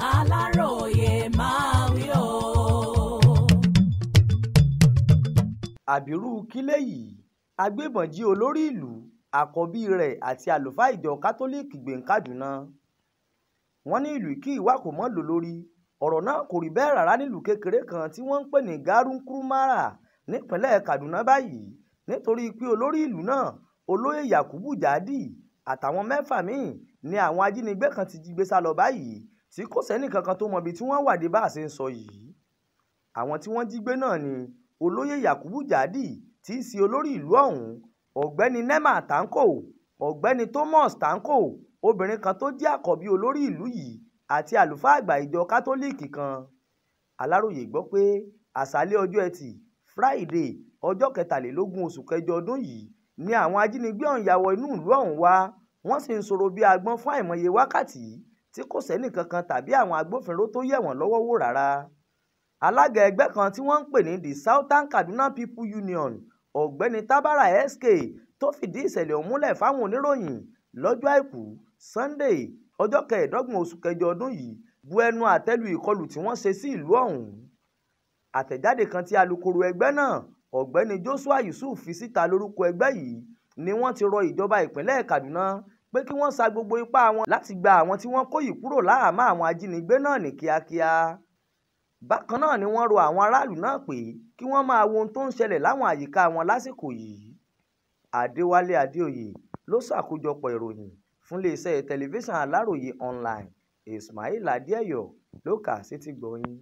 aláròye máa wí o. àbírú kílé yìí agbébọn jí olórí ìlú àkọ́bí rẹ̀ àti àlùfáà ìjọ kátólíìkì gbẹ̀ǹkàdùnà wọ́n ní ìlú kí ìwà kò mọ́ lò lórí ọ̀rọ̀ náà kò rí bẹ́ẹ̀ rárá nílùú kékeré kan tí wọ́n ń pè ní garunkurumara nípínlẹ̀ Kaduna báyìí nítorí pé olórí ìlú náà olóyè Yakubu Jadi àtàwọn mẹ́fà míì ni àwọn ajínigbé kan ti jí gbé sá lọ báyìí tí kò sẹ́nì kankan tó mọbi tí wọ́n wàdí bá a ṣe ń sọ yìí àwọn tí wọ́n jí gbé náà ni olóyè yakubu jadi tí í ṣe olórí ìlú ọ̀hún ọ̀gbẹ́ni nema tanko ọ̀gbẹ́ni thomas tanko obìnrin kan tó jẹ́ àkọ́bí olórí ìlú yìí àti àlùfáà àgbà ìjọ kátólíìkì kan aláròye gbọ́ pé àṣálẹ́ ọjọ́ ẹtì friday ọjọ́ kẹtàlélógún oṣù kẹjọ ọdún yìí ni àwọn ajínigbé ọ̀hún ya wọ inú ìlú ọ̀hún wá wọ́n sì ń sọ̀rọ̀ bí agbọ́n fún àìmọye wákàtí tí kò sẹ́nì kankan tàbí àwọn agbófinró tó yẹ̀ wọ́n lọ́wọ́ wò rárá alága ẹgbẹ́ kan tí wọ́n ń pè ní the Southern Kaduna People Union ọ̀gbẹ́ni Tabara SK tó fìdí ìṣẹ̀lẹ̀ ọ̀hún múlẹ̀ fáwọn oníròyìn lọ́jọ́ àìkú Sunday ọjọ́ kẹẹ̀ẹ́dọ́gbọ̀n oṣù kẹjọ ọdún yìí bu ẹnu àtẹ́lu ìkọlù tí wọ́n ṣe sí ìlú ọ̀hún àtẹ̀jáde kan tí alukoro ẹgbẹ́ náà ọ̀gbẹ́ni Joshua Yusuf fi síta lórúkọ ẹgbẹ́ yìí ni wọ́n ti rọ ìjọba ìpínlẹ̀ Kaduna pé kí wọ́n sa gbogbo ipá wọn láti gba àwọn tí wọ́n kó yìí kúrò láhàámọ́ àwọn ajínigbé náà ní kíákíá bákan náà ni wọ́n rọ àwọn aráàlú náà pé kí wọ́n máa wo ohun tó ń ṣẹlẹ̀ láwọn àyíká wọn lásìkò yìí Adéwálé Adéoyè ló ṣàkójọpọ̀ ìròyìn fún iléeṣẹ́ tẹlifíṣàn Aláròye online Ismail Adéẹ̀yọ̀ ló kà á sétí gbọ̀nyìn.